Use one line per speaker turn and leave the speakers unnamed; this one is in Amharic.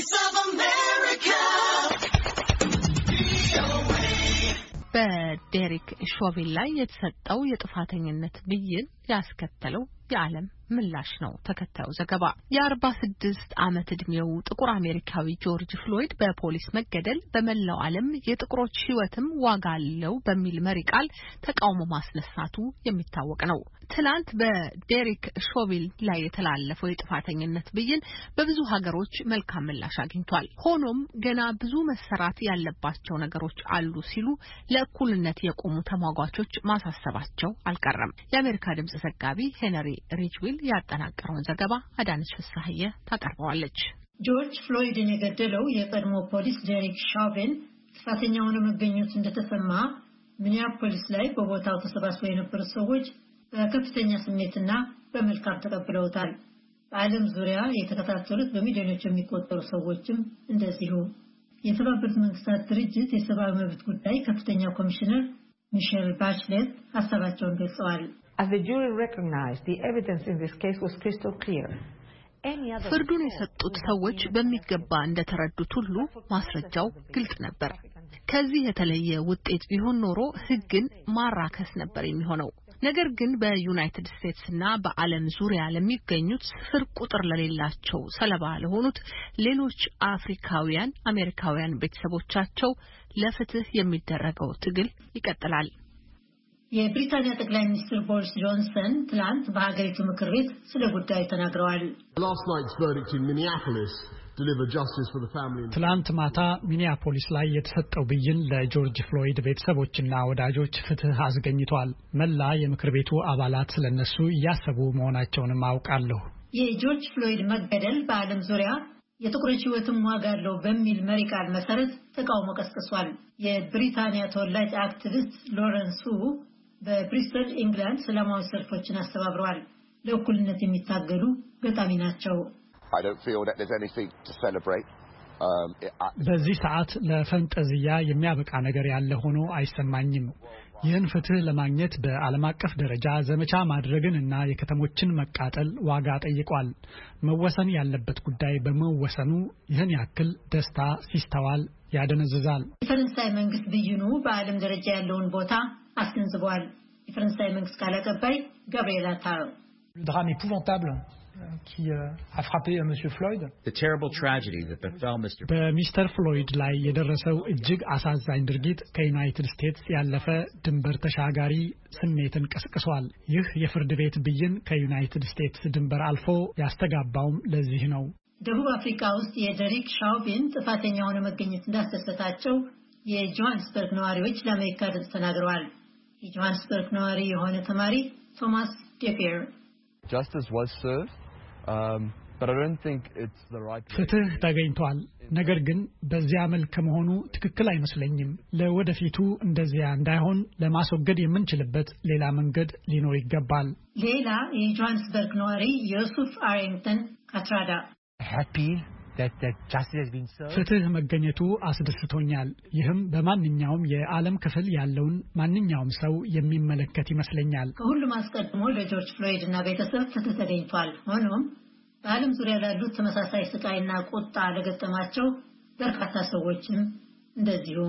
Voice of America.
በዴሪክ ሾቪን ላይ የተሰጠው የጥፋተኝነት ብይን ያስከተለው የዓለም ምላሽ ነው ተከታዩ ዘገባ። የአርባ ስድስት ዓመት ዕድሜው ጥቁር አሜሪካዊ ጆርጅ ፍሎይድ በፖሊስ መገደል በመላው ዓለም የጥቁሮች ሕይወትም ዋጋ አለው በሚል መሪ ቃል ተቃውሞ ማስነሳቱ የሚታወቅ ነው። ትላንት በዴሪክ ሾቪል ላይ የተላለፈው የጥፋተኝነት ብይን በብዙ ሀገሮች መልካም ምላሽ አግኝቷል። ሆኖም ገና ብዙ መሰራት ያለባቸው ነገሮች አሉ ሲሉ ለእኩልነት የቆሙ ተሟጓቾች ማሳሰባቸው አልቀረም። የአሜሪካ ድምጽ ዘጋቢ ሄነሪ ሪጅዊል ያጠናቀረውን ዘገባ አዳነች ፍሳሐየ ታቀርበዋለች።
ጆርጅ ፍሎይድን የገደለው የቀድሞ ፖሊስ ዴሪክ ሻቬን ጥፋተኛ ሆኖ መገኘቱ እንደተሰማ ሚኒያፖሊስ ላይ በቦታው ተሰባስበው የነበሩት ሰዎች በከፍተኛ ስሜትና በመልካም ተቀብለውታል። በዓለም ዙሪያ የተከታተሉት በሚሊዮኖች የሚቆጠሩ ሰዎችም እንደዚሁ። የተባበሩት መንግስታት ድርጅት የሰብአዊ መብት ጉዳይ ከፍተኛ ኮሚሽነር ሚሼል ባችሌት ሀሳባቸውን ገልጸዋል። As the jury recognized,
the evidence in this case was crystal clear. ፍርዱን የሰጡት ሰዎች በሚገባ እንደተረዱት ሁሉ ማስረጃው ግልጽ ነበር። ከዚህ የተለየ ውጤት ቢሆን ኖሮ ሕግን ማራከስ ነበር የሚሆነው። ነገር ግን በዩናይትድ ስቴትስ እና በዓለም ዙሪያ ለሚገኙት ስፍር ቁጥር ለሌላቸው ሰለባ ለሆኑት ሌሎች አፍሪካውያን አሜሪካውያን ቤተሰቦቻቸው ለፍትህ የሚደረገው ትግል ይቀጥላል።
የብሪታንያ ጠቅላይ ሚኒስትር ቦሪስ ጆንሰን ትላንት በሀገሪቱ ምክር ቤት ስለ ጉዳዩ
ተናግረዋል።
ትላንት ማታ ሚኒያፖሊስ ላይ የተሰጠው ብይን ለጆርጅ ፍሎይድ ቤተሰቦችና ወዳጆች ፍትህ አስገኝቷል። መላ የምክር ቤቱ አባላት ስለነሱ እያሰቡ መሆናቸውንም አውቃለሁ።
የጆርጅ ፍሎይድ መገደል በዓለም ዙሪያ የጥቁሮች ሕይወትም ዋጋ አለው በሚል መሪ ቃል መሰረት ተቃውሞ ቀስቅሷል። የብሪታንያ ተወላጅ አክቲቪስት ሎረንስ በብሪስተል ኢንግላንድ ሰላማዊ ሰልፎችን አስተባብረዋል። ለእኩልነት የሚታገሉ ገጣሚ ናቸው።
um,
በዚህ ሰዓት ለፈንጠዝያ የሚያበቃ ነገር ያለ ሆኖ አይሰማኝም። ይህን ፍትህ ለማግኘት በዓለም አቀፍ ደረጃ ዘመቻ ማድረግን እና የከተሞችን መቃጠል ዋጋ ጠይቋል። መወሰን ያለበት ጉዳይ በመወሰኑ ይህን ያክል ደስታ ሲስተዋል ያደነዝዛል።
የፈረንሳይ መንግስት ብይኑ በዓለም ደረጃ ያለውን ቦታ አስገንዝበዋል። የፈረንሳይ መንግስት ቃል አቀባይ ገብርኤል አታሮ
ድራም drame épouvantable euh, qui euh, a frappé euh, M. Floyd. The terrible tragedy that befell Mr. ፍሎይድ ላይ የደረሰው እጅግ አሳዛኝ ድርጊት ከዩናይትድ ስቴትስ ያለፈ ድንበር ተሻጋሪ ስሜትን ቀስቅሷል። ይህ የፍርድ ቤት ብይን ከዩናይትድ ስቴትስ ድንበር አልፎ ያስተጋባውም ለዚህ ነው።
ደቡብ አፍሪካ ውስጥ የደሪክ ሻውቪን ጥፋተኛ ሆነ መገኘት እንዳስደሰታቸው የጆሃንስበርግ ነዋሪዎች ለአሜሪካ ድምፅ ተናግረዋል። የጆሃንስበርግ ነዋሪ የሆነ ተማሪ ቶማስ ዴፌር
um, ፍትህ
ተገኝቷል። ነገር ግን በዚያ መልክ ከመሆኑ ትክክል አይመስለኝም። ለወደፊቱ እንደዚያ እንዳይሆን ለማስወገድ የምንችልበት ሌላ መንገድ ሊኖር ይገባል።
ሌላ የጆሃንስበርግ ነዋሪ ዮሱፍ አሪንግተን ካትራዳ
ፍትህ መገኘቱ አስደስቶኛል። ይህም በማንኛውም የዓለም ክፍል ያለውን ማንኛውም ሰው የሚመለከት ይመስለኛል።
ከሁሉም አስቀድሞ ለጆርጅ ፍሎይድ እና ቤተሰብ ፍትህ ተገኝቷል። ሆኖም በዓለም ዙሪያ ላሉት ተመሳሳይ ስቃይና ቁጣ ለገጠማቸው በርካታ ሰዎችም እንደዚሁ